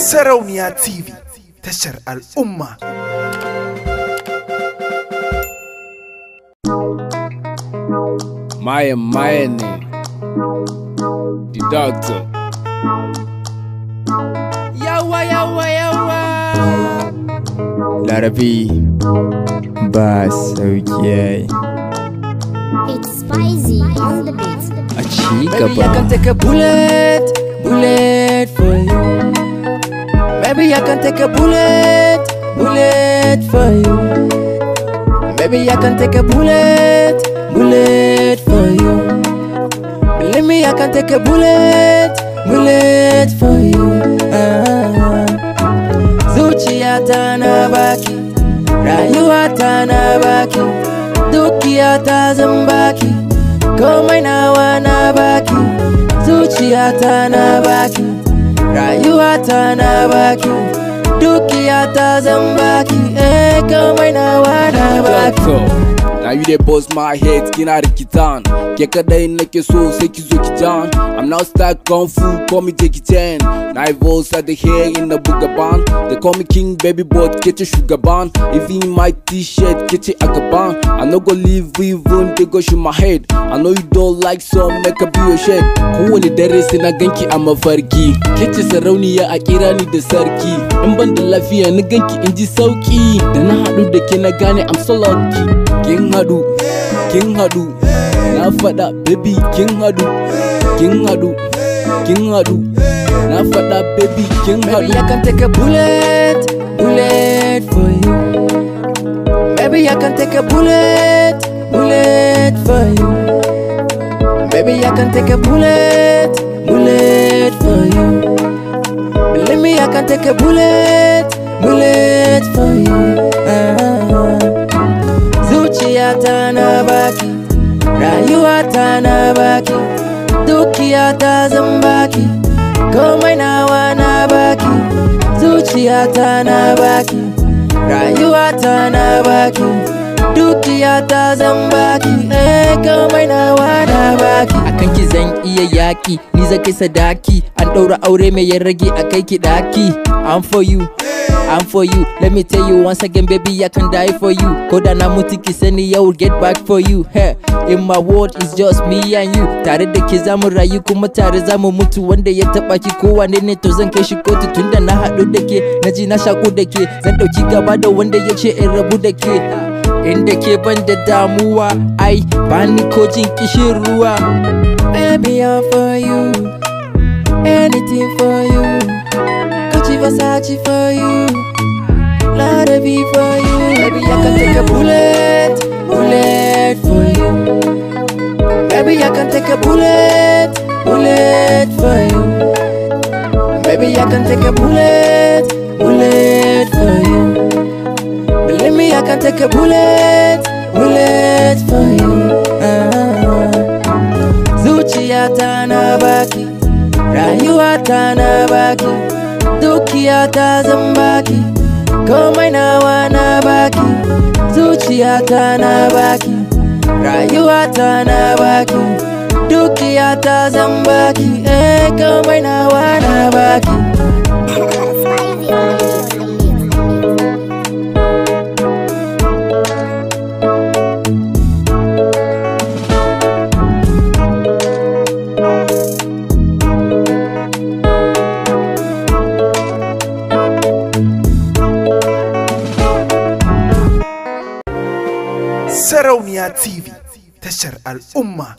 Sarauniya TV tashar al'umma. Mayan mayan ne, the doctor. Yawa yawa yawa. Larabi ba sauki It's spicy on the beat. A ci gaba. Baby, take a bullet, bullet for you. Maybe I can take a bullet, bullet for you. Maybe I can take a bullet, bullet for you. Believe me, I can take a bullet, bullet for you. Ah. Zuciya ta na baki, rayuwa ta na baki, dukiya ta zan baki, komai nawa na baki, zuciya ta na rayuwata na baki dukiyata zan baki eh kamar na baki Now you they boss my head skin kina rikitan Ke kadai nake so sai ki zo ki jan I'm now stuck, kung fu call me Jackie Chan Na yi voice at the hair in the bugaban They call me king baby but kece shugaban Even my t-shirt kece akaban I no go leave even they go shoot my head I know you don't like some make a be your shit Kowane dare sai na ganki a mafarki Kece sarauniya a kira ni da sarki In ban here, lafiya na ganki in ji sauki Then na haɗu da ke na I'm so lucky King hadu King hadu na fada baby King hadu King hadu King hadu na fada baby King hadu baby I can take a bullet bullet for you baby I can take a bullet bullet for you baby I can take a bullet bullet for you believe me I can take a bullet bullet for you ta na baki rayuwa ta na baki dukiya ta zan baki komai nawa na baki zuciya ta na baki rayuwa ta na baki dukiya ta zan baki eh komai nawa na baki akan ki zan iya yaki ni zan kai sadaki an daura aure mai yarrage rage a kai ki daki i'm for you I'm for you. Let me tell you once again, baby, I can die for you. Koda na muti kiseni, I will get back for you. Hey, in my world, it's just me and you. Tare da ke rayu kuma tare zamu mutu wanda ya taba ki ko nene ne to zan kai shi kotu tunda na haɗu da ke ji na shaku da ke zan ɗauki gaba da wanda ya ce in rabu da ke inda ke ban da damuwa ai bani ko jin kishin ruwa baby I'm for you anything for you Versace for you gotta be for you Maybe I can take a bullet, bullet for you Maybe I can take a bullet, bullet for you Maybe I can take a bullet, bullet for you Believe me, I can take a bullet, bullet for you Zuciya ta na baki, rayuwa ta komai nawa na baki zuciyata na baki rayuwata na baki dukiyata zan baki eh komai nawa na baki TV, tashar al'umma.